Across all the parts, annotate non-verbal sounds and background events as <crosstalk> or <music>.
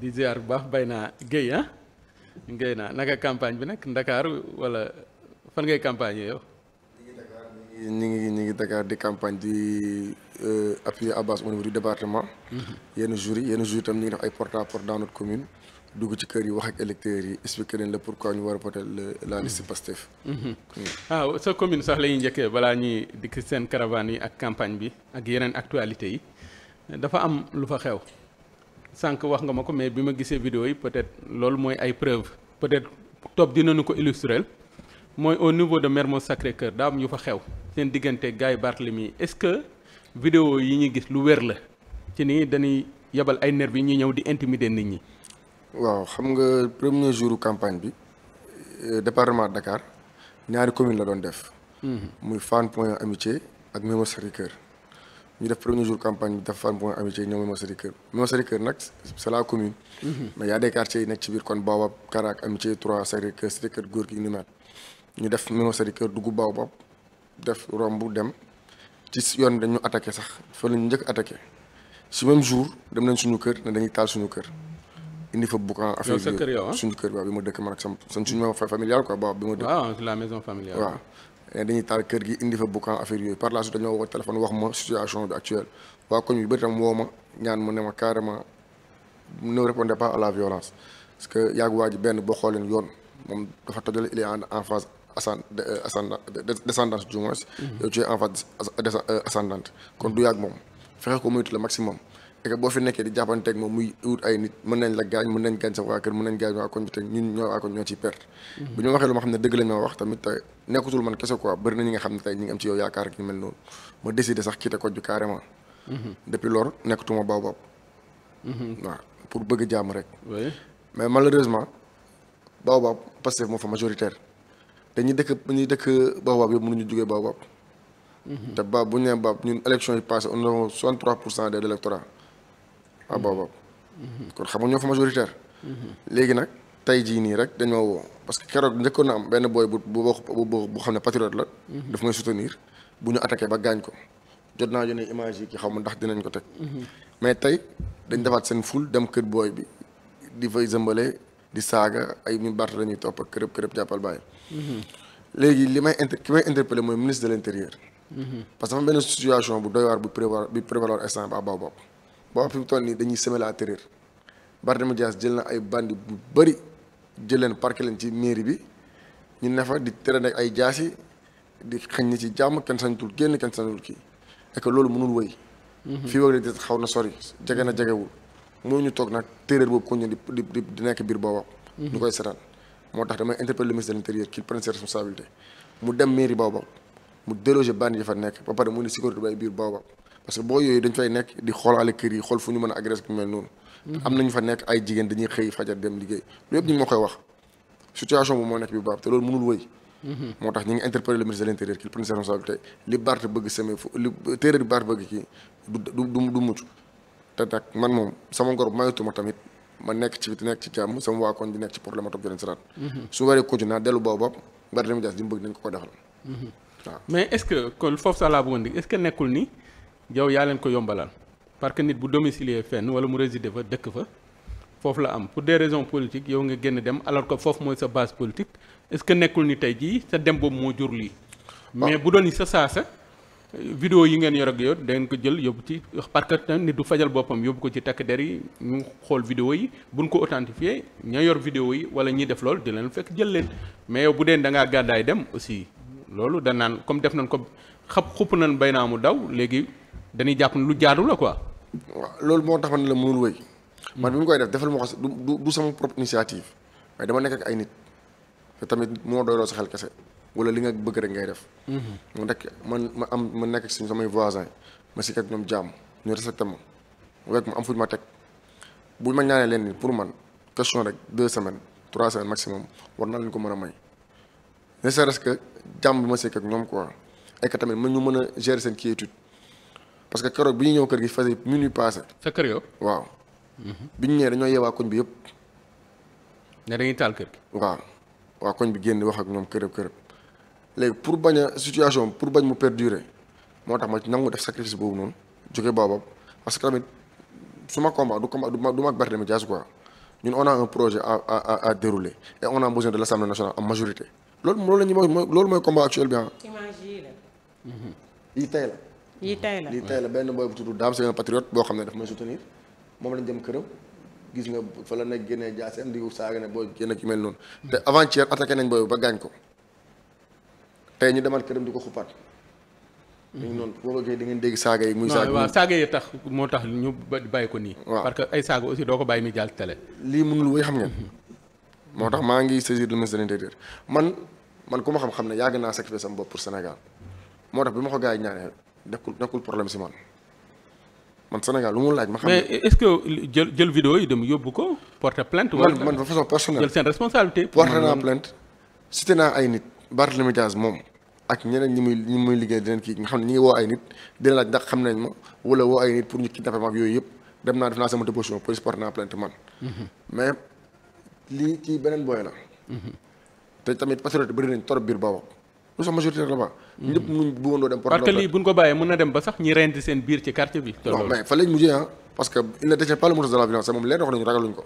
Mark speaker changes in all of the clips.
Speaker 1: di ziar bu baax bay naa géy ah géy naa naka campagne bi nag ndakaar wala fan ngay campagne yi yow
Speaker 2: ñu ngi ñu ngi Dakar di campagne di euh, appuyer Abbas au niveau du département. Mm-hmm. yenn jours yi yenn jours yi tam ñu ngi def ay porte port porte dans commune dugg ci kër yi wax ak électeurs yi expliquer leen la pourquoi ñu war a voter la mm-hmm. liste Pastef. Mm-hmm. Mm.
Speaker 1: ah sa commune sax la ñuy njëkkee balaa ñuy dikk seen caravane yi ak campagne bi ak yeneen actualité yi dafa am lu fa sànq wax nga ma ko mais bi ma gisee video yi peut-être loolu mooy ay preuve peut-être topp dinañu ko illustrer mooy au niveau de Mermoz Sacré-Cœur daa am fa xew seen diggante Gaye Barthélemy est-ce que vidéo yi ñu gis lu wér la ci ni dañuy yebal ay nervi yi ñuy ñëw di intimider
Speaker 2: nit ñi. waaw xam nga premier jour campagne bi euh, département Dakar ñaari commune la doon def. Mhm. muy Fann Point Amitié ak Mermoz sacré kër ñu def premier jour campagne bi def Fann Point Amitié ñoom Mimosari Kër Mimosari Kër nag sa la commune. Mhm. mais y a des yi nekk ci biir kon Baobab Karak Amitié 3 Sacré Cœur Cité Kër Gorgui ni mel ñu def Mimosari Kër dugg Baobab def romb dem ci yoon dañu attaqué sax fa la ñu njëkk attaqué si même jour dem nañ suñu kër ne dañuy taal suñu kër. indi fa boucan affaire suñu kër yow ah? suñu kër waaw bi ma dëkk man ak sama suñu famille ma dëkk. Ah,
Speaker 1: la maison familiale waaw.
Speaker 2: Eh, dañuy taal kër gi indi fa boucan affaire yooyu par la suite dañoo woo téléphone wax ma situation bi actuelle waa koñ bi bëri tam woo ma ñaan ma ne ma carrément ne répondez pas à la violence parce que yàgg waa ji benn boo xooleen yoon moom dafa tojale il est en phase ascend euh, descendante du moins mhm. yow tu es en phase euh, ascendante kon du yàgg moom fexe ko moytu le maximum et que boo fi nekkee di jàppanteeg moom muy wut nañ la gaañ mën nañ gaañ sa waa kër mën nañ ñoo waa koñ mhm. waxee lu ma ne dëgg wax tamit te nekkutul man kese quoi bëri na ñi nga xam ne tey ñi ngi am ci yow yaakaar ak ñu mel noonu ma décidé sax quitté mhm. mhm. pour bëgg jàmm rek mais malheureusement baobab Pastef moo fa majoritaire te ñi dëkk ñi dëkk baobab yëpp mënuñu jógee baobab te ba bu ñu nee ñu ñun élection yi passé on a 63 pour cent des électorat waaw ah, boobu kon xam nga ñoo fa majoritaire. léegi nag tey jii nii rek dañoo woo parce que keroog njëkkoon na am benn booy bu bu bu xam ne patriote la. daf may soutenir bu ñu attaqué ba gaañ ko jot naa yónnee image yi ki xaw ma ndax dinañ ko teg. mais tey dañ defaat seen ful dem kër booy bi di fay zëmbale di saaga ay ñu barte la ñuy topp ak kërëb li may inter ki may interpellé mooy ministre de l' intérieur. Mhm. parce que dafa am benn situation bu doy waar bu prévoir bu prévoir instant ba ba wax fi mu toll nii dañuy semer la bari Barthélemy Dias jël na ay bandi bu bëri jël leen parqué leen ci mairie bi ñu ne fa di tere nag ay jaasi di xëñ ni ci jàmm kenn sañtul génn kenn sañtul kii et que loolu mënul wëy mhm. fii wag la di xaw na sori jege na jegewul moo ñu toog nag terreur boobu ko ñu di di di nekk biir booba mhm. ñu koy seetaan moo tax damay interpellé le ministre de l'intérieur qu'il prenne ses responsabilités mu dem mairie booba mu déloger bandi yi fa nekk ba pare mu ne sécurité bay biir booba parce que boo yooyu dañ fay nekk di xoolaale kër yi xool fu ñu mën a agressé ku mel noonu. Mhm. am nañu fa nekk ay jigéen dañuy xëy fajar dem liggéey loolu yëpp ñu ngi ma koy wax situation bu moo nekk bi baax te loolu mënul wëy. Mhm. moo tax ñu ngi interpellé le ministre de l' intérieur li Barth bëgg semé du du du te nag man moom sama ngor mayutuma tamit ma nekk ci nekk ci jàmm sama waa koñ di nekk ci problème ma topp yeneen saraat mhm. su waree continuer
Speaker 1: yow yaa leen ko yombalal parce que nit bu domicilié fenn wala mu résider fa dëkk fa foofu la am pour des raisons politiques yow nga génn dem alors que foofu mooy sa base politique est-ce que nekkul ni tey jii sa dem boobu moo jur lii. Ah. mais bu doon sa saasa. vidéo yi ngeen yor ak yor da ngeen ko jël yóbbu ci parce que nit du fajal boppam yóbbu ko ci takk der yi ñu xool vidéo yi bu buñ ko authentifié ña yor vidéo yi wala ñi def loolu di leen fekk jël leen mais yow bu dee da gàddaay dem aussi loolu da naan comme def nañ ko xab xupp nañ bay naa mu daw léegi.
Speaker 2: dañuy jàpp ne lu jaadu la quoi. waaw loolu moo tax ma ne la mënul wéy. man bi mu koy def defal ma ko du du sama propre initiative waaye dama nekk ak ay nit te tamit moo doyloo sa xel kese wala li nga bëgg rek ngay def. Mhm. mu nekk man ma am ma nekk si samay voisins ma si ak ñoom jàmm ñu respecté ma wekk ma am fuñ ma teg buñ ma leen ni pour man question rek deux semaines trois semaines maximum war naa leen ko mën a may. ne serait-ce que jàmm bi ma sekk ak ñoom quoi ay ka tamit mën ñu mën a gérer seen quiétude parce que keroog bi ñu ñëw kër gi fas yi minuit passé. sa kër yow. waaw. Mhm. bi ñu ñëwee dañoo yeewaa koñ bi yëpp.
Speaker 1: ne dañuy taal kër gi.
Speaker 2: waaw waa koñ bi génn wax ak ñoom kërëb kërëb léegi pour bañ a situation pour bañ mu perdurer moo tax ma ci nangu def sacrifice boobu noonu jóge boobam parce que tamit suma combat du combat du ma du ma Barthélémy Dias quoi ñun on a un projet à à à dérouler et on a besoin de l' assemblée nationale en majorité loolu la ñuy mooy loolu mooy combat lii tey la lii tey benn booy bu tudd Dame c'est un patriote boo xam ne daf may soutenir moom lañ jëm këram gis nga fa la nekk génnee jaaseem di saaga ne booy génn ki mel noonu. te avant-hier attaqué nañ booy ba gaañ ko tey ñu demaat këram di ko xuppaat. ñu ngi noonu boo ko di ngeen dégg saaga yi. muy saaga waaw
Speaker 1: saaga tax moo tax ñu bàyyi ko nii. waaw parce que ay saaga aussi doo ko bàyyi muy jàll
Speaker 2: télé. lii mënul wéy xam ngeen. moo tax maa ngi saisir le ministre de l'intérieur man man ku ma xam-xam ne yàgg naa sacrifice sama bopp pour Sénégal moo tax bi ma ko gars yi ñaanee nekkul nekkul problème si man man ma xam mais
Speaker 1: est-ce que jël jël vidéo yi dem yóbbu ko porter plainte. man man de façon personnelle
Speaker 2: muy ñi muy liggéey dinañ kii nga xam ne ñu ngi woo ay nit dina laaj ndax xam nañ ma wala woo ay nit pour ñu ma ak yooyu yëpp def naa sama déposition police porter man. Mhm. mais lii kii beneen booy la. Mhm. te tamit patriote bëri nañ trop biir boobu. nous sommes majoritaires là-bas. ñëpp mu bëggandoo dem parce que lii buñ ko bàyyee mën na dem ba sax ñi rendi seen biir ci quartier bi non mais fa lañ mujjee ah parce leen wax nañu ragaluñ ko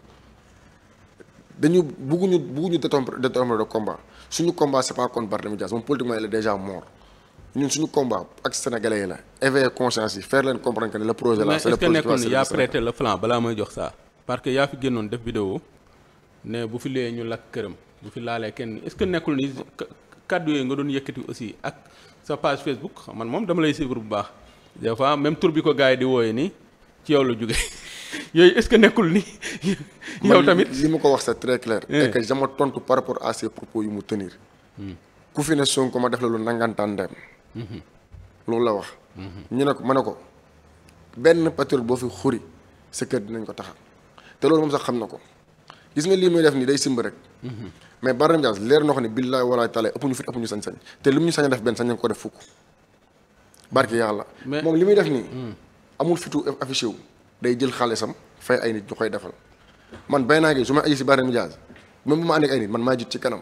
Speaker 2: dañu déjà mort ñun suñu combat ak sénégalais yi la éveiller conscience yi faire leen comprendre que ne le projet là c'est le projet mais est-ce que nekkul yaa prêté
Speaker 1: le flanc balaa may jox saa parce que yaa fi génnoon def vidéo ne bu fi lee ñu lakk këram bu fi laalee kenn est-ce kàddu yooyu nga doon yëkkati aussi ak sa page Facebook man moom dama lay suivre bu baax des fois même tur bi ko gars yi di wooye nii ci yow la jóge <laughs> yooyu est-ce que nekkul ni
Speaker 2: <laughs> yow tamit li ma ko wax c'est très clair eh. et que par rapport à ces propos yu mu tenir hmm. ku fi ne Sonko ma def la lu nangantaan dem hmm. loolu la wax hmm. ñu ne ko ma ne ko benn patriote boo fi xuri sa kër dinañ ko taxal te loolu moom sax xam na ko gis nga lii muy def nii day simb rek mais Barthélémy Dias leer noo xam ne billaay walaay taala ëpp ñu fit ëpp ñu sañ-sañ te lu mu ñu sañ a def benn sañ nañ ko def fukk barke yàlla moom li muy def nii hmm. amul fitu affiché wu day jël xaalisam fay ay nit ñu koy defal man bay naa gi su may aji si Barthélémy Dias même bu ma ànd ay nit man maa jiit ci kanam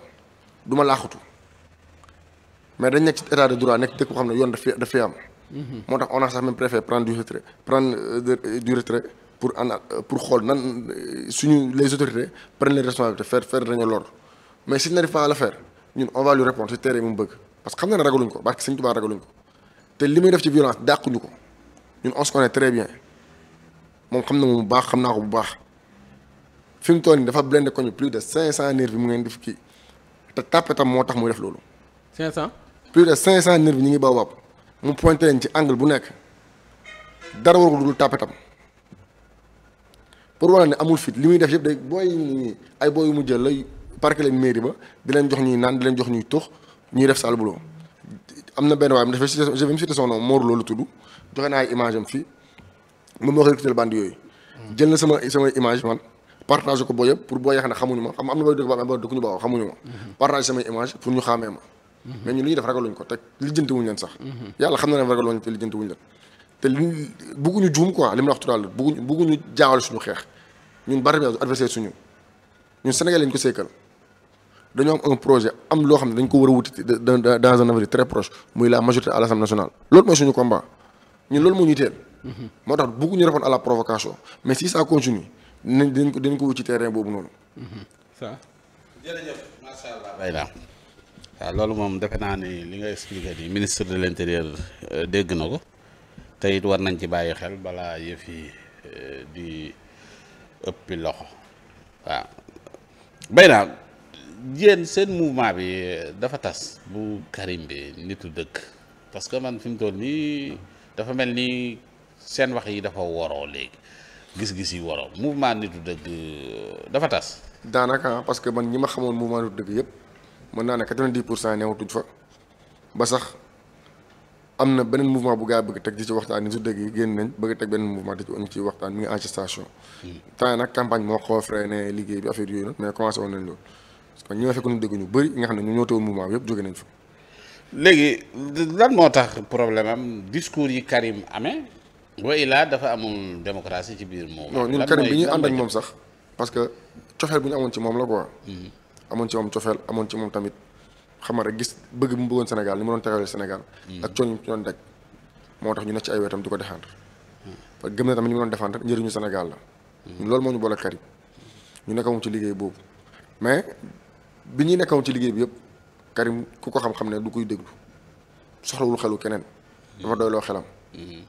Speaker 2: du ma laaxutu mais dañ nekk ci état de droit nekk dëkk xam ne yoon daf fi daf fi am hmm. moo tax on a sax même préfet prendre du retrait prendre euh, du pour ana pour xool nan euh, suñu les autorités prennent les responsabilités faire faire dañu lor mais s'il n'arrive pas à le faire ñun on va lui répondre si mu bëgg parce que xam na ne ragaluñ ko barke Sëñ Tuubaa ragaluñ ko te li muy def ci violence dàquñu ko ñun on se connaît très bien moom xam na moom bu baax xam naa ko bu baax fi mu toll nii dafa blindé ko ñu plus de 500 nervis mu ngeen def kii te tàppetam moo tax muy def loolu. 500. plus de cinq 500 nervis ñu ngi baobab mu pointé leen ci angle bu nekk dara war ko dul tàppetam pour wala ne amul fit li muy def yëpp day booy ay booy yu mu jël lay. parqué leen mairie ba di jox ñuy naan di leen jox ñuy tux ñuy def sale boulot am na benn waay mu def je vais me citer son nom joxe naa ay image am fii moom sama sama image man ko boo yëpp pour boo yéex ne xamuñu ma xam am na booy dëkk ba am na dëkk ñu baax xamuñu ñu xàmmee ma. mais ñun li ñuy def ragaluñ ko te lijjanti wuñ leen sax. yàlla xam na ne ragaluñ te lijjanti wuñ leen. te li bugguñu juum quoi li la wax tout à l'heure bugguñu bugguñu jaawal suñu xeex ñun bari na adversaire suñu ñun Sénégal lañ ko seekal dañoo am un projet am loo xam ne dañ ko war a wuti dans un avenir très proche muy la majorité à l'Assemblée nationale loolu mooy suñu combat ñun loolu moo ñu mm-hmm. moo tax bëgguñu répondre à la provocation mais si ça continue ko dinañ ko wut ci terrain boobu noonu
Speaker 1: mm-hmm. ça jërëjëf macha
Speaker 3: loolu moom defe naa ni li nga expliqué ni ministre de l'intérieur euh, dégg na ko te it war nañ ci bàyyi xel balaa yëf yi euh, di ëppi loxo waaw yéen seen mouvement bi euh, dafa tas bu Karim bi nitu dëkk parce que man fi mu toll nii dafa mel
Speaker 2: ni seen wax yi dafa woroo léegi gis-gis yi woroo mouvement nitu dëgg euh, dafa tas. daanaka parce que man ñi ma xamoon mouvement nitu dëgg yëpp mën naa ne quatre-vingt-dix pour cent ba sax am na beneen mouvement bu gaa yi bëgg teg waxtaan nitu dëgg yi génn nañ bëgg teg beneen mouvement di ci waxtaan mi ngi en gestation. Hmm. temps nag campagne moo xoo freiné liggéey bi affaire yooyu mais commencé woon nañ loolu. parce que ñi nga fekkoon dégg ñu bëri nga xam ne ñu ñoo teewoon léegi lan moo tax problème am discours yi Karim
Speaker 3: amee. wa illah dafa amul démocratie ci biir moom. non ñun Karim bi ñuy ànd ak moom
Speaker 2: sax parce que cofeel bu ñu amoon ci moom la quoi. Mhm. amoon ci moom cofeel amoon ci moom tamit xam rek gis bëgg bu mu bëggoon Sénégal ni mu doon taxawal Sénégal. Mhm. ak coono ñu ci doon daj moo tax ñu nekk ci ay wetam di ko défendre. Mhm. parce que gëm na tamit ni njëriñu senegal la. loolu moo ñu boole Karim ñu nekka moom ci liggéey boobu mais bi ñuy nekkoon ci liggéey bi yëpp Karim ku ko xam-xam ne du koy déglu soxlawul xelu keneen. dafa doyloo xelam. Mm-hmm.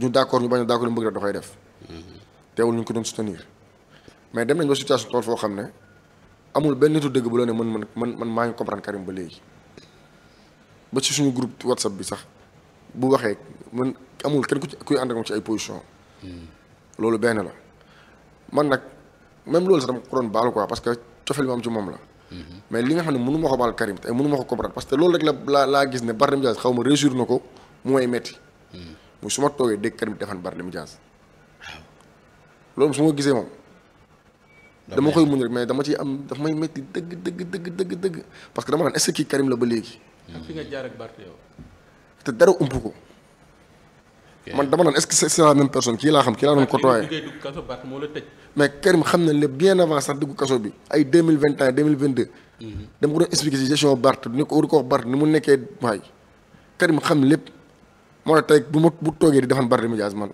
Speaker 2: ñu d'accord ñu bañ a d'accord lu mu da koy def. Mm-hmm. teewul ñu ko doon soutenir mais dem nañ ba situation tool foo xam ne amul benn nitu dëgg bu la ne man man man man maa ngi comprendre Karim ba léegi ba ci suñu groupe WhatsApp bi sax bu waxee man amul kenn ku ci kuy ànd ak ci ay position mm-hmm. loolu benn la man nag même loolu sax dama ko doon baalu quoi parce que cofeel bi ci moom la. Mm-hmm. mais li nga xam ne mënu ma ko baal Karim te mënu ma ko comprendre parce que loolu rek la laa gis ne Barthélémy Dias xaw ma na ko mu may metti mm-hmm. mu su ma toogee dégg Karim defan Barthélémy Dias loolu su ma gisee moom dama koy muñ rek mais dama ciy am daf may metti dëgg dëgg dëgg dëgg dëgg parce que dama naan est-ce Karim la ba léegi.
Speaker 1: fi nga jaar ak Barth
Speaker 2: te dara ump ko. man dama naan est-ce que c'est la même personne kii laa xam kii laa doon côtoyé mais Karim xam na lépp bien avant sax dugg kaso bi ay deux mille vingt un deux mille vingt deux mhm. dama ko doon expliqué si gestion Barth ni ko war ko wax Barth mu nekkee waay Karim xam lépp moo tax bu ma bu toogee di defan Barthélemy Dias man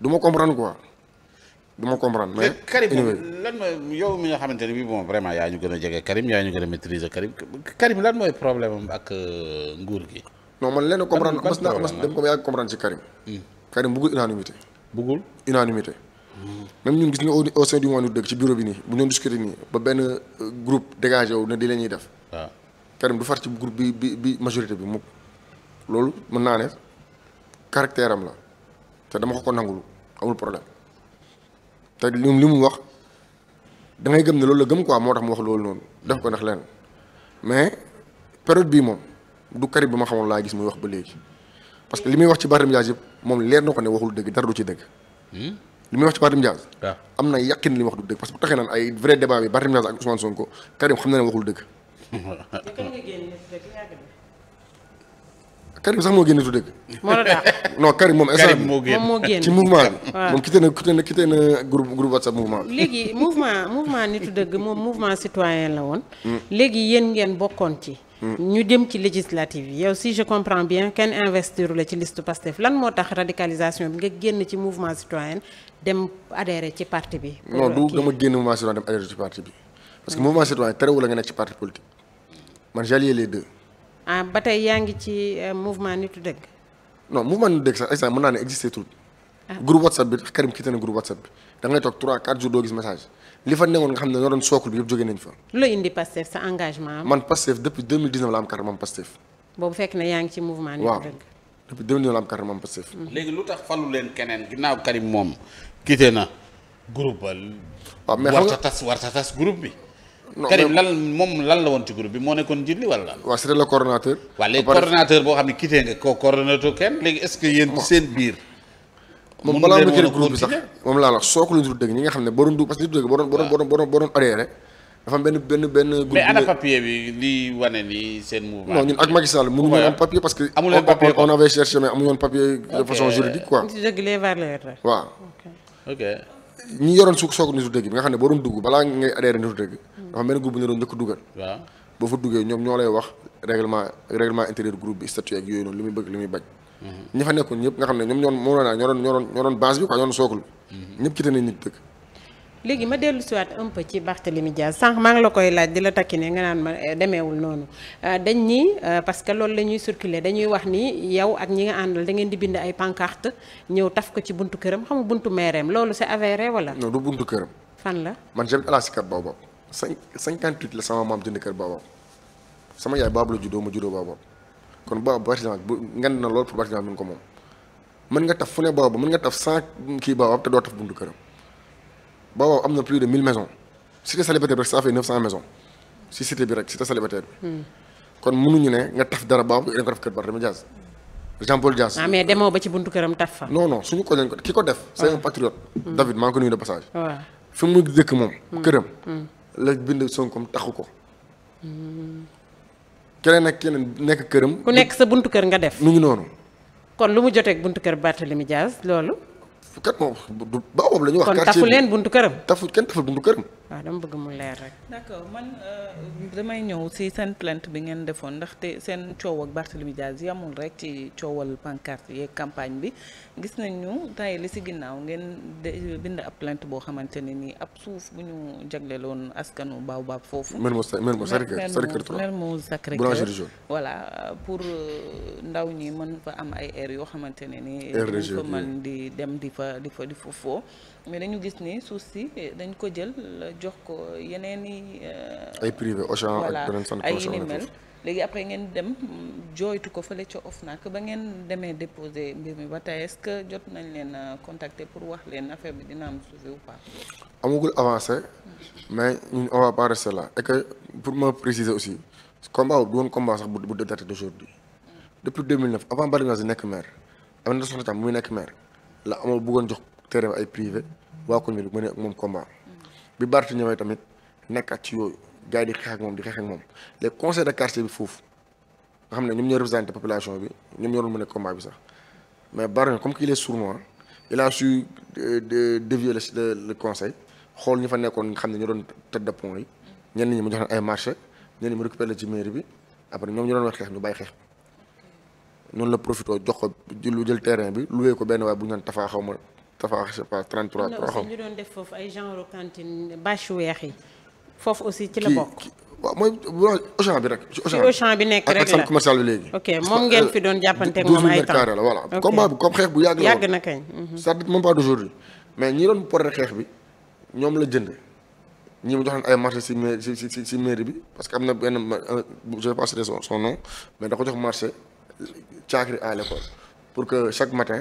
Speaker 2: duma ma comprendre quoi du ma comprendre mais Karim
Speaker 3: lan mooy yow mi nga xamante ne bii bon vraiment yaa ñu gën a jege Karim yaa ñu gën a maîtriser Karim
Speaker 2: mooy problème am ak euh, nguur gi non man lenn comprendre mas naa mas dem ko yaa comprendre ci Karim. Hmm. Karim bëggul unanimité. bëggul unanimité. Hmm. même ñun gis nga au au sein du monde dëgg ci bureau bi nii bu ñu doon discuter nii ba benn euh, groupe dégagé wu ne di la ñuy def. waaw ah. Karim du far ci groupe bi bi bi majorité bi mukk loolu mën naa ne caractère am la te dama ko ko nangul amul problème te li mu wax da ngay gëm ne loolu la gëm quoi moo tax mu wax loolu noonu def ko ndax lenn mais période bii moom. du Karim bi ma xamoon laa gis muy wax ba léegi parce que li muy wax ci Barthélémy Dias yëpp moom leer na ko ne waxul dëgg dara du ci dëgg. Hmm? li muy wax ci Barthélémy Dias. Ah. am na yàqin li wax du dëgg parce que bu taxee naan ay vrai débat bi Barthélémy Dias ak Ousmane Sonko Karim xam na ne waxul dëgg. Karim sax moo génn du dëgg. moo la daax <laughs> non Karim moom. instant moom moo génn ci mouvement bi. waaw moom quitté na quitté na quitté na groupe groupe WhatsApp mouvement léegi
Speaker 4: mouvement nitu dëgg moom mouvement citoyen la woon. Hmm. léegi yéen ngeen bokkoon ci. ñu jëm ci législative yi yow si je comprends bien kenn investiru la ci liste Pastef lan moo tax radicalisation bi nga génn ci mouvement citoyen dem adhéré ci parti bi. non du dama
Speaker 2: génn mouvement citoyen dem adhéré ci parti bi. parce que mouvement citoyen terewul la nga nekk ci parti politique man j'allie les deux.
Speaker 4: ah ba tey yaa ngi ci euh, mouvement nitu dëgg.
Speaker 2: non mouvement nitu dëgg sax instant mën naa ne existé tout. Ah. groupe WhatsApp bi Karim quitté na groupe WhatsApp bi message. li fa newoon nga xam ne ñoo doon sookul bi yëpp jóge nañ fa.
Speaker 4: lu la indi Pastef sa engagement man
Speaker 2: Pastef depuis 2019 la am carte moom Pastef.
Speaker 4: boobu fekk na yaa ngi ci mouvement. ni waaw
Speaker 2: depuis 2019 la am carte moom Pastef. Mm-hmm.
Speaker 3: léegi lu tax falu leen keneen ginnaaw
Speaker 2: Karim moom quitté na groupe ba.
Speaker 3: waaw mais xam nga warta tas warta tas groupe bi. non Karim lan moom lan la woon ci groupe bi moo nekkoon njiit li wala. waaw c'était le coordonnateur. waaw léegi boo xam ne quitté nga ko coordonnateur kenn léegi est-ce seen
Speaker 2: biir. moom balaa ma créé groupe bi sax moom laa la soo ko lu dëgg ñi nga xam ne borom du parce que li
Speaker 3: ñu dëgg ni seen mouvement non ñun ak
Speaker 2: Macky Sall mënu ñu parce que amuloon papier on juridique quoi dëgg les valeurs waaw ok ñi yoroon su soog nitu dëgg bi nga xam ne boo doon dugg balaa ngay adhéré nitu dëgg dafa mel ni groupe bi nga doon njëkk dugal boo fa duggee ñoom ñoo lay wax règlement règlement intérieur groupe bi statut ak yooyu noonu li muy bëgg li muy bañ ñi fa nekkoon ñëpp nga xam ne ñoom ñoo moo naa ñoo doon ñoo doon bi quoi ñoo doon sookul mhm. ñëpp quitté nañ nit dëkk
Speaker 4: léegi ma dellu si waat un peu ci Barthélemy Diaz sànq maa ngi la koy laaj di la takki ne nga naan ma eh, demeewul noonu euh, dañ ni euh, parce que loolu la ñuy circuler dañuy wax ni yow ak ñi nga àndal da ngeen di bind ay pancarte ñëw taf ko ci buntu këram xamu buntu meereem loolu c'est avéré wala.
Speaker 2: non du buntu këram. fan la man j'habite la Sicap Baobab. cinq cinquante-huit la sama maam jënd kër Baobab sama yaay Baobab la juddoo ma juddoo Baobab kon booba Barcelona bu ngand na lool pour Barcelona mun ko moom mën nga taf fu ne booba mën nga taf cent kii booba te doo taf buntu këram booba am na plus de mille maisons cité célibataire bi rek ça fait neuf cent maisons si cité bi rek cité célibataire bi hmm. kon mënuñu ne nga taf dara booba da nga ah, ko def kër Barthélémy Dias Jean Paul Dias maa ko nuyu de passage fi mu dëkk moom hmm. këram hmm. la bind Sonko taxu ko keneen ak keneen nekk këram. ku nekk sa buntu kër nga def. mu ngi noonu.
Speaker 4: kon lu mu jotee buntu kër Barthélemy Dias loolu. kat moom
Speaker 2: du ba boobu la ñuy wax. quartier kon tafu leen
Speaker 4: buntu këram. tafu kenn taful buntu këram. waaw dama bëgg mu leer rek. d'accord man euh, damay ñëw si seen plainte bi ngeen defoon ndaxte seen coow ak Barthélemy Diaz yamul rek ci coowal pancarte yeeg campagne bi gis nañu tay li ci ginnaaw ngeen bind ab plainte boo xamante ne nii ab suuf bu ñu jagleloon askanu Baobab foofu. Mermoz Mermoz Sacré-Cœur Mermoz Sacré-Cœur boulangerie jaune voilà euh, pour euh, ndaw ñi mën fa am ay air yoo xamante ne nii. air mën di dem di fa di fa di fa foo. mais dañu gis ni suuf si dañ ko jël jox ko yeneen i. Euh, ay privé Auchan ak beneen sant ay ni mel léegi après ngeen dem jooytu ko fële ca OFNAC ba ngeen demee déposé mbir mi ba tey est jot nañ leen contacter pour wax leen affaire bi dina am suivi ou pas.
Speaker 2: amagul avancé mais ñun on va pas rester pour ma préciser aussi combat bu woon combat sax bu bu daté d'aujourd'hui depuis 2009 avant Bargny di nekk maire am na soxna tam muy nekk maire la amul buggoon jox terrain ay privé waa koñ bi du mënee ak moom combat bi Barth ñëwee tamit nekkaat ci yooyu gars yi di xeex ak moom di xeex ak moom les conseils de quartier bi foofu nga xam ne ñoom ñoo représenté population bi ñoom ñoo doon mën a combat bi sax mais Barth comme qu'il est sournois il a su euh, dévier le le conseil xool ñu fa nekkoon xam ne ñoo doon tête de yi ñenn ñi mu jox ay marché ñenn ñi mu récupéré la ci maire bi après ñoom ñu doon wax xeex ñu bàyyi xeex noonu la profité jox ko jël terrain bi loué ko benn waay bu ñu naan tafaa xaw ma Tafa je sais pas 33. am na aussi
Speaker 4: ñu ay genre cantine bâche weex yi foofu aussi ci la bokk.
Speaker 2: waaw mooy Auchan bi rek. ci Auchan
Speaker 4: bi nekk rek la ak centre commercial bi léegi. ok moom ngeen fi doon jàppanteeg moom ay temps la voilà. combat bi comme
Speaker 2: xeex bu yàgg la yàgg na mhm. mais ñi doon porté xeex bi ñoom la jënd ñi mu jox leen ay marché si mairie bi parce que am na benn euh, je passerai son son nom mais da ko jox marché caakiri à l'école pour que chaque matin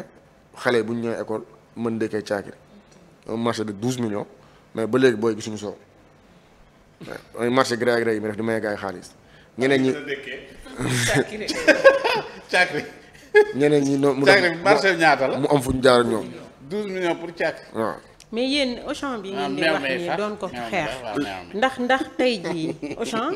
Speaker 2: xale bu ñu ñëwee école. mën ndëkkee caakiri un marché de douze millions mais ba léegi booy gisuñu soow mooy marché gré à gré yi mi def di may gaay xaalis ñeneen ñi caakiri <laughs> ñeneen ñi noonu mu marché ñaata la mu am fu ñu jaar ak ñoom
Speaker 4: douze millions pour
Speaker 3: caakiri
Speaker 2: waaw
Speaker 4: mais yéen Auchan bi ngeen ah, di wax ni doon ko xeex ndax ndax tey jii Auchan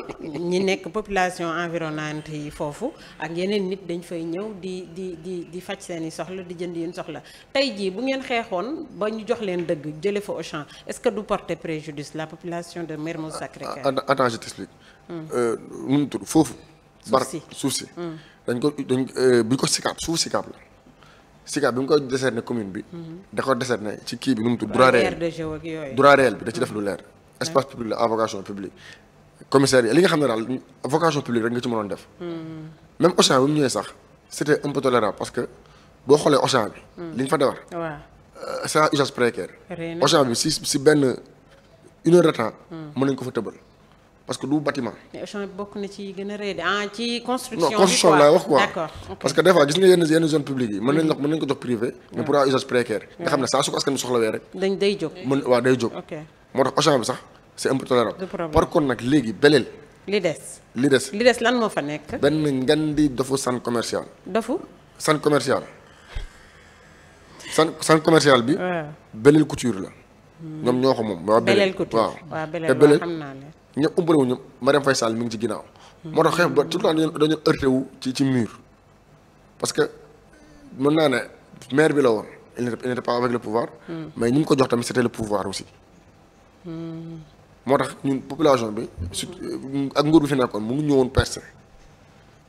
Speaker 4: ñi nekk population environnante yi foofu ak yeneen nit dañ fay ñëw di di di di faj seen i soxla di jënd yeen soxla tey jii bu ngeen xeexoon ba ñu jox leen dëgg jële fa Auchan est-ce que du porter préjudice la population de Mermoz Sacré-Cœur ah,
Speaker 2: ah, attends je hmm. euh, foofu bar suuf si hmm. dañ ko dañ euh, bi ko sikaab suuf sikaab la SICAP bi mu koy décerné commune bi. Mhm. da ko décerné ci kii bi nu mu tudd. droit réel bi da ci def lu mhm. leer. espace public la à vocation publique. li nga xam ne daal vocation publique rek nga ci mënoon def. Mhm. même Auchan bi mu ñëwee sax c' était un peu parce que boo xoolee Auchan bi. li ñu fa defar. waaw c' est précaire. Auchan bi si si benn une de temps. mën nañ ko fa tëbal. parce que du bâtiment.
Speaker 4: mais ah, construction. laay wax quoi d'accord parce
Speaker 2: que des fois gis nga yenn yenn zone publique yi mën nañ la mhm. mën nañ ko jox privé. mais pour un usage précaire. nga xam ne saa su ko askan bi soxlawee rek. dañ day jóg mën waaw day jóg. moo tax Auchan bi sax nekk. benn ngan di dofu centre commercial. sa sa commercial. centre commercial bi. waaw beleel couture la. Hmm. ñoom ñoo ko moom. beleel couture waaw beleel. ñoom umpale ñu Marième Faye Sall mi ngi ci ginnaaw. moo tax xeex ba tout wu ci ci mur. parce que mën naa ne maire bi la woon il n'était pas avec le hmm. mais ñi mu ko jox tamit c'était le pouvoir aussi. Hmm. moo tax ñun population bi su euh, ak nguur bi fi nekkoon mu ngi ñëwoon percer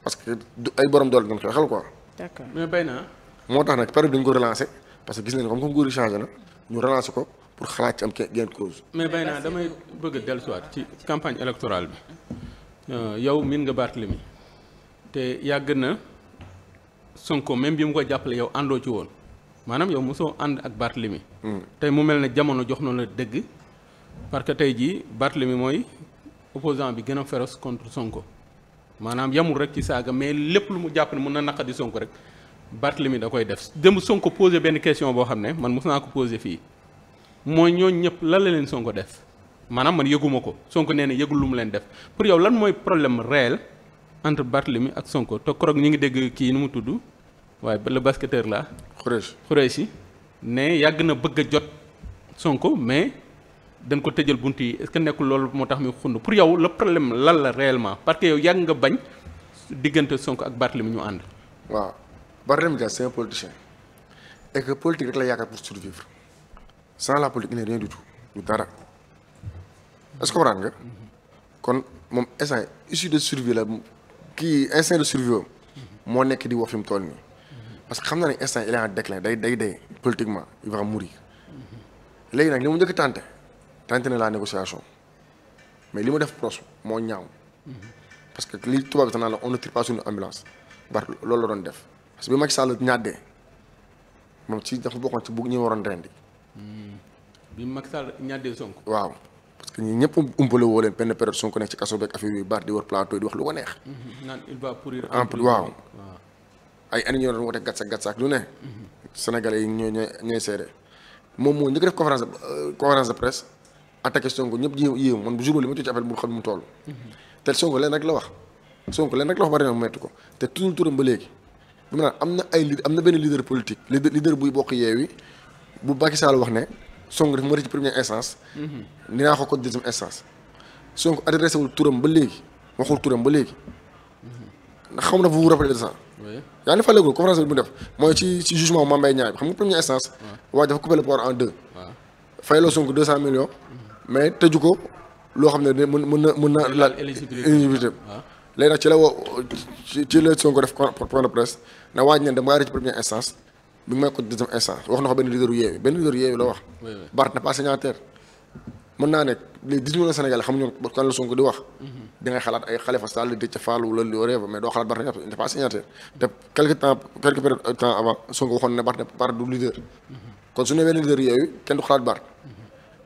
Speaker 2: parce que ay borom doole dañ koy xel quoi.
Speaker 1: d'accord mais bay naa.
Speaker 2: moo tax nag période ko relancer parce que gis nañu ko comme nguur yi changé na ñu relancer ko. pour xalaat ci am gain de cause.
Speaker 1: mais bay naa damay bëgg a dellusiwaat ci campagne électorale bi euh, yow miin nga Barthélemy te yàgg na Sonko même bi mu ko jàppale yow àndoo ci woon maanaam yow mosoo ànd ak Barthélemy. Hmm. tey mu mel ne jamono jox na la dëgg parce que tey jii mi mooy opposant bi gën a féroce contre Sonko maanaam yamul rek ci saaga mais lépp lu mu jàpp ne mën na naqadi Sonko rek Barthélemy da koy def. dem Sonko posé benn question boo xam ne man mos naa fii. mooy ñooñ ñëpp lan la leen Sonko def maanaam man yëguma ko Sonko nee na yëgul lu mu leen def pour yow lan mooy problème réel entre mi ak Sonko te koroog ñu ngi dégg kii nu mu tudd waaye le basketteur la Khoureychi Khoureychi ne yàgg na bëgg a jot Sonko mais dan ko tëjal bunt yi est-ce nekkul loolu moo tax muy xund pour yow le problème lan la réellement parce que yow yàgg nga bañ
Speaker 2: diggante Sonko ak Barthélemy ñu ànd. waaw Barthélemy Dias c'est un politicien et que rek la yaakaar pour survivre. sans la politique il n'est rien que waraan nga kon moom instant issue de survie la kii instinct de survie am moo nekk di wax fi mu toll nii parce que xam naa ne instant il est en déclin day day day politiquement il va mourir léegi nag li mu njëkk tenté tenté na la négociation mais li mu def proche moo ñaaw parce que li tubaab bi sax naan la on ne tire pas sur une ambulance bar loolu la doon def parce que bi Macky Sall ñaadee moom ci dafa bokkoon ci bugg ñuy waroon rendi
Speaker 1: bi Macky Sall ñaddee Sonko.
Speaker 2: waaw parce que ñi ñëpp umpale woo leen benn période Sonko nekk ci kaso beeg affaire yu bari di wax lu ko neex.
Speaker 1: Mm-hmm. naan il va pourrir en waaw.
Speaker 2: ay année ñoo doon woote gatsa gatsa ak lu ne. Mm-hmm. Sénégalais yi ñooy ñooy ñooy seede moom moo ñu ko def conférence euh, conférence de presse attaqué Sonko ñëpp ji yéemu man bu jour li ma ci appel bu xam mu toll. Mm-hmm. te Sonko leen rek la wax. Sonko leen rek la wax bari na mu metti ko te tuddul turam ba léegi. bi ma naan am na ay li am na benn leader politique bokk yeewi bu Macky Sall wax ne Sonko def moo ci première instance. dinaa ko ko deuxième instance. Sonko adressé wul turam ba léegi waxul turam ba léegi. ndax xam na vous vous rappelez de ça. oui yaa ngi fàttalikoo conférence bi mu def mooy ci ci jugement Mame Mbaye Niang bi xam nga première instance. waaye dafa coupé le pouvoir en deux. waaw fayloo Sonko deux cent millions. mais tëju ko loo xam ne de mën mën na mën na laal éligibilité léegi nag ci la woo ci la Sonko def point de presse na waaj ne dama bi may ko def instant wax na ko benn leader Yewwi benn leader Yewwi la wax. Bart n'a pas signataire mën naa ne les dix millions Sénégalais xamuñu kan la Sonko di wax. Mhm. da ngay xalaat ay Khalifa Sall Déthié Fall wala lu réew mais doo xalaat Bart n'a pas signataire te quelque temps quelque période de temps avant Sonko waxoon ne Bart n'a pas du leader. Mhm. kon su ñu nee benn leader Yewwi kenn du xalaat Bart. mais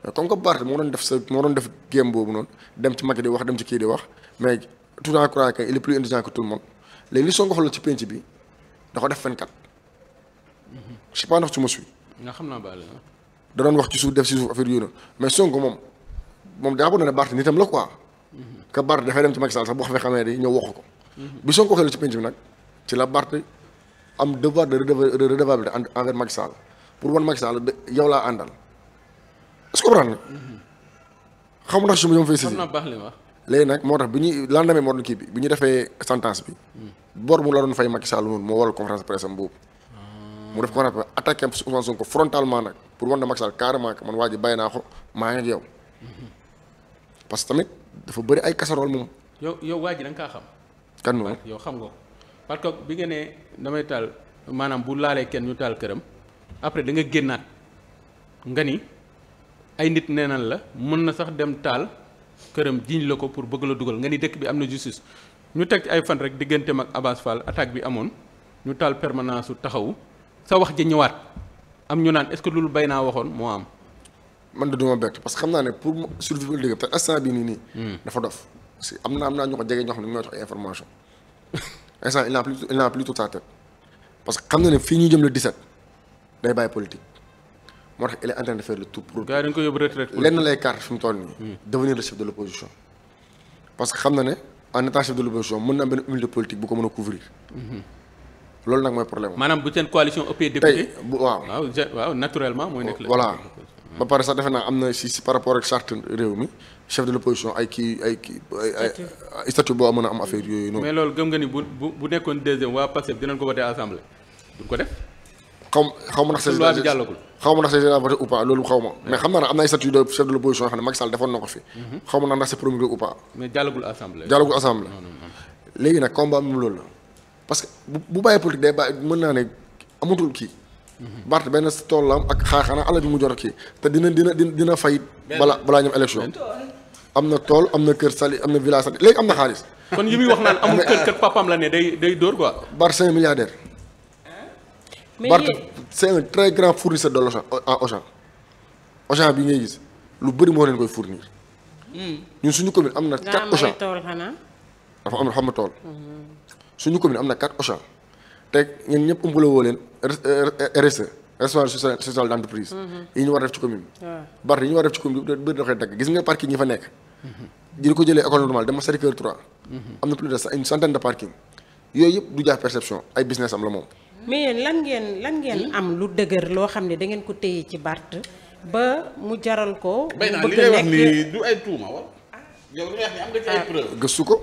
Speaker 2: mhm. comme que Bart moo doon def sa moo doon def game boobu noonu dem ci Macky di wax dem kii di wax mais tout en croyant qu'il est plus intelligent que tout le monde bi da ko def je sais pas ndax su ma suy.
Speaker 1: nga xam naa Balla
Speaker 2: da doon wax ci suuf def ci suuf affaire yooyu noonu mais Sonko moom moom daa ko ne Barth nitam la quoi. que Barth dafay dem ci Macky Sall sax boo xam xamee ni ñëw waxu ko. bi Sonko waxee ci penc bi nag ci la Barth am devoir de redevabilité envers Macky Sall pour won Macky Sall yow laa àndal est-ce que comprendre nga. xam ndax su ma yom fay saisi.
Speaker 1: nag
Speaker 2: moo tax bi ñuy lendemain moo doon kii bi bi ñu defee sentence bi. Hmm. bor mu la doon fay Macky Sall noonu moo waral conférence presse mu def ko rappel attaqué am Ousmane Sonko frontalement nag pour wan na Macky Sall carrément que man waa bàyyi naa ko maa ngi ak yow parce que tamit dafa bëri ay casserole moom.
Speaker 1: yow yow waa ji da kaa xam. kan noonu ah, yow xam nga parce que bi nga ne damay taal maanaam bu laalee kenn ñu taal këram après da nga génnaat nga ni ay nit neenaan la mën na sax dem taal këram jiñ la ko pour bëgg la dugal nga ni dëkk bi am na justice ñu teg ci ay fan rek diggante mag Abass Fall attaque bi amoon ñu taal permanence su taxawu. sa wax ja ñëwaat
Speaker 2: am ñu naan est-ce que loolu bay naa waxoon moo am. man de duma bett parce que xam naa ne pour survivre dëgg te instant bii nii nii. Hmm. dafa dof parce que am na am naa ñu ko jege ñoo xam ne ñu ngi jox <laughs> n'a plus tout sa tête parce que xam na ne fii ñu jëm la 17 day bàyyi politique moo tax il est en train tout pour.
Speaker 1: gars dañ ko yóbbu retraite lenn lay
Speaker 2: carte fi mu toll nii. Hmm. devenir le chef de l'opposition parce que xam na ne en état de l'opposition mën na am benn unité politique bu loolu nag mooy problème
Speaker 1: maanaam bu seen coalition ëppee député waaw waaw naturellement mooy nekk la voilà ba pare sax defe
Speaker 2: naa am na par rapport ak charte réew mi chef de l'opposition ay a am affaire yooyu noonu mais
Speaker 1: loolu gëm nga ni bu bu bu nekkoon deuxième waa Pastef dinañ ko voté assemblée duñ
Speaker 2: xaw jàllagul xaw ma ndax seen voté xam am na ay na ko fi mhm. xaw ma ndax c'est promulgué loolu la parce que bu bàyyi politique day bàyyi mën naa ne amatul kii. Barth benn tool la am ak xaar xanaa alal bi mu jor kii te dina dina dina fay. balaa balaa ñoom élection. am na tool am na kër sali am na village sali léegi am na xaalis. kon yi muy wax naan amul kër kër papam la ne day day dóor quoi. Barth c'est un milliardaire. mais Barth c'est un très grand fournisseur de l'Ocha euh, à Ocha. bi ngay gis lu bëri moo leen koy fournir. Hmm. ñun suñu commune am na. quatre Ocha dafa am xam nga tool. Hmm. suñu commune am na quatre Auchan te ñun ñëpp umpale woo leen RSE responsabilité sociale d' entreprise. Mhm. yi ñu war a def ci commune bi. bari yi ñu war def ci commune bi doxee dagg gis nga parking yi fa nekk. Mhm. di ko jëlee école normale dama Sacré-Cœur mhm. am na plus de une centaine de parking yooyu yëpp du jaax perception ay business am la moom.
Speaker 4: mais yéen lan ngeen lan ngeen hmm? am lu dëgër loo xam ne da ngeen ko téye ci Bart ba mu jaral ko. bëgg nekk li
Speaker 3: ngay ah. ko.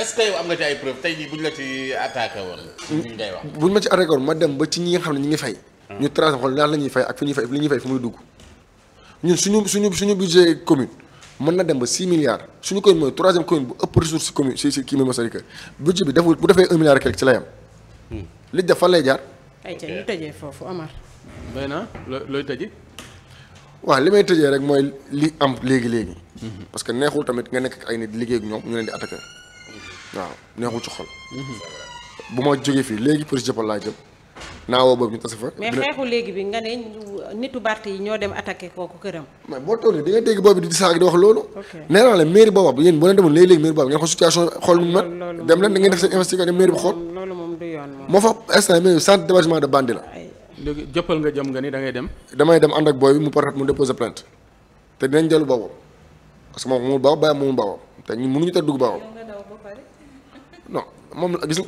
Speaker 3: est-ce que yow am nga bu ñu la ci attaqué woon.
Speaker 2: bu ñu ma ci attaqué woon ma dem ba ci ñi nga xam ne ñu ngi fay. Ah. ñu tracé xool naan la ñuy fay ak fi ñu fay li ñuy fay fu muy dugg ñun suñu suñu suñu budget commune mën na dem ba 6 milliards suñu commune mooy troisième commune bu ëpp ressource si commune si si kii mooy Massalika budget bi deful bu defee 1 milliard quelque ci lay am. Hmm. li def fan lay jaar.
Speaker 4: foofu Amar.
Speaker 1: bay naa looy tëjee.
Speaker 2: waaw li may tëjee rek mooy li am léegi léegi. parce que neexul tamit nga nekk ay nit liggéey ak ñoom ñu leen waaw neexul ci xol. bu ma jógee fii léegi pour jëppal laa jëm naa woo boobu ñu tase fa. mais xeexu
Speaker 4: léegi bi nga ne nitu Barth yi ñoo dem attaqué kooku këram.
Speaker 2: mais boo toogee di nga dégg boobu di saag di wax loolu. ok boo leen demoon léegi-léegi mairie boobu ngeen xool situation xool nu mu dem moom du yoon moom. moo fa instant mairie centre d'hébergement de bandits la.
Speaker 1: jëppal nga jëm nga ni da ngay dem.
Speaker 2: damay dem ànd ak booy mu porté mu déposé plainte te dinañ dellu boobu parce que moom moomul baaw bàyyi moomul baawam te ñun mënuñu te dugg baawam non moom gis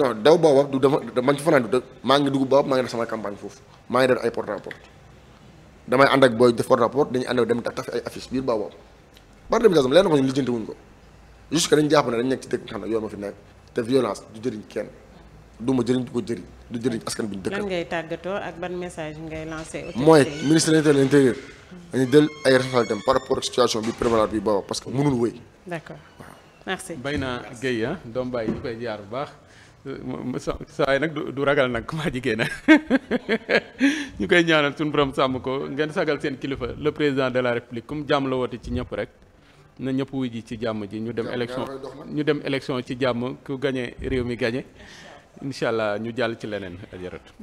Speaker 2: non daw booba du dama damay ànd ak booy def porte rapport dañuy ànd dem taf ay affiche biir booba ko ñu ko dañ jàpp dañ nekk ci dëkk xam ma fi nekk te violence du jëriñ kenn du ma jëriñ du ko jëriñ du jëriñ askan bi ñu dëkk lan
Speaker 4: ngay tàggatoo ak ban message ngay lancé mooy
Speaker 2: ministre par rapport ak situation bi prévalable bi booba parce que mm-hmm. mënul
Speaker 4: wéy
Speaker 1: merci bay naa Guèye ah, doom bàyyi ñu koy jaar bu baax. Euh, saa yi nag du ragal nag maa jigéen <laughs> ñu koy ñaanal suñu borom sàmm ko ngeen sagal seen kilifa le président de la république comme jàmm la woote ci ñëpp rek na ñëpp wuy ji ci jàmm ji ñu dem élection ñu dem élection ci jàmm ku gañe réew mi gañe incha allah ñu jàll ci leneen ajarat